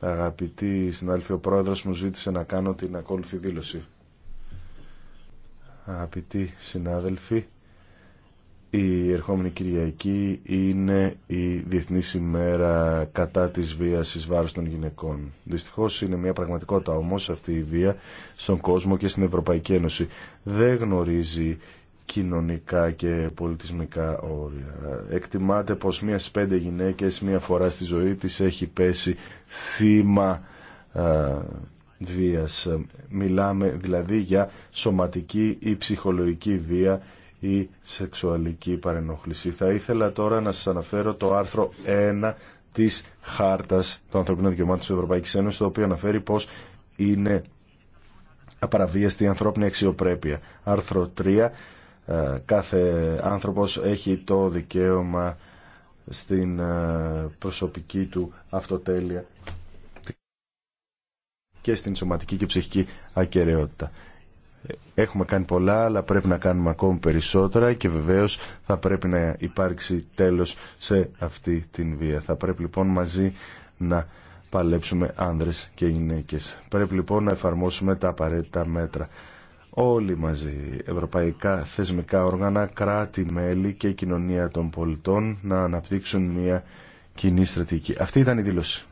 Αγαπητοί συνάδελφοι, ο πρόεδρος μου ζήτησε να κάνω την ακόλουθη δήλωση. Αγαπητοί συνάδελφοι, η ερχόμενη Κυριακή είναι η Διεθνής ημέρα κατά της βίας εις βάρος των γυναικών. Δυστυχώς είναι μια πραγματικότητα όμως αυτή η βία στον κόσμο και στην Ευρωπαϊκή Ένωση. Δεν γνωρίζει κοινωνικά και πολιτισμικά όρια. Εκτιμάται πως μία στις πέντε γυναίκες μία φορά στη ζωή της έχει πέσει θύμα βίας. Μιλάμε δηλαδή για σωματική ή ψυχολογική βία ή σεξουαλική παρενόχληση. Θα ήθελα τώρα να σας αναφέρω το άρθρο 1 της Χάρτας των Ανθρωπίνων Δικαιωμάτων της Ευρωπαϊκής Ένωσης, το οποίο αναφέρει πως είναι απαραβίαστη η ανθρώπινη αξιοπρέπεια. Άρθρο 3 ε, κάθε άνθρωπος έχει το δικαίωμα στην ε, προσωπική του αυτοτέλεια και στην σωματική και ψυχική ακαιρεότητα. Έχουμε κάνει πολλά, αλλά πρέπει να κάνουμε ακόμη περισσότερα και βεβαίως θα πρέπει να υπάρξει τέλος σε αυτή την βία. Θα πρέπει λοιπόν μαζί να παλέψουμε άνδρες και γυναίκες. Πρέπει λοιπόν να εφαρμόσουμε τα απαραίτητα μέτρα όλοι μαζί, ευρωπαϊκά θεσμικά όργανα, κράτη, μέλη και κοινωνία των πολιτών να αναπτύξουν μια κοινή στρατηγική. Αυτή ήταν η δήλωση.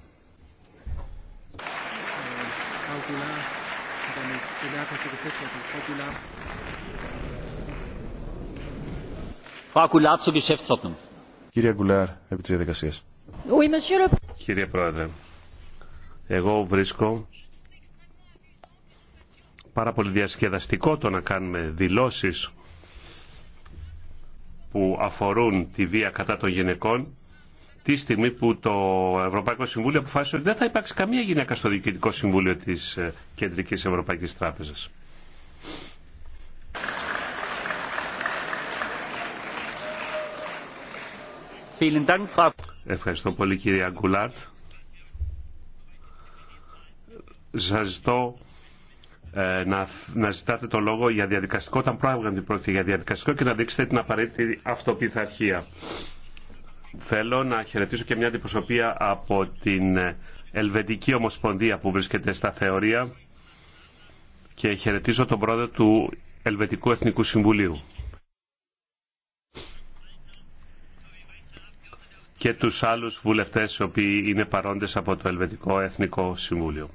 Κύριε Γκουλάρ, επί της διαδικασίας. Κύριε Πρόεδρε, εγώ βρίσκω πάρα πολύ διασκεδαστικό το να κάνουμε δηλώσεις που αφορούν τη βία κατά των γυναικών τη στιγμή που το Ευρωπαϊκό Συμβούλιο αποφάσισε ότι δεν θα υπάρξει καμία γυναίκα στο Διοικητικό Συμβούλιο της ε, Κεντρικής Ευρωπαϊκής Τράπεζας. Ευχαριστώ πολύ κύριε Αγκουλάρτ. Σας ζητώ ε, να, να ζητάτε το λόγο για διαδικαστικό όταν πράγματι πρόκειται για διαδικαστικό και να δείξετε την απαραίτητη αυτοπιθαρχία. Θέλω να χαιρετήσω και μια αντιπροσωπεία από την Ελβετική Ομοσπονδία που βρίσκεται στα θεωρία και χαιρετίζω τον πρόεδρο του Ελβετικού Εθνικού Συμβουλίου. και τους άλλους βουλευτές οι οποίοι είναι παρόντες από το Ελβετικό Εθνικό Συμβούλιο.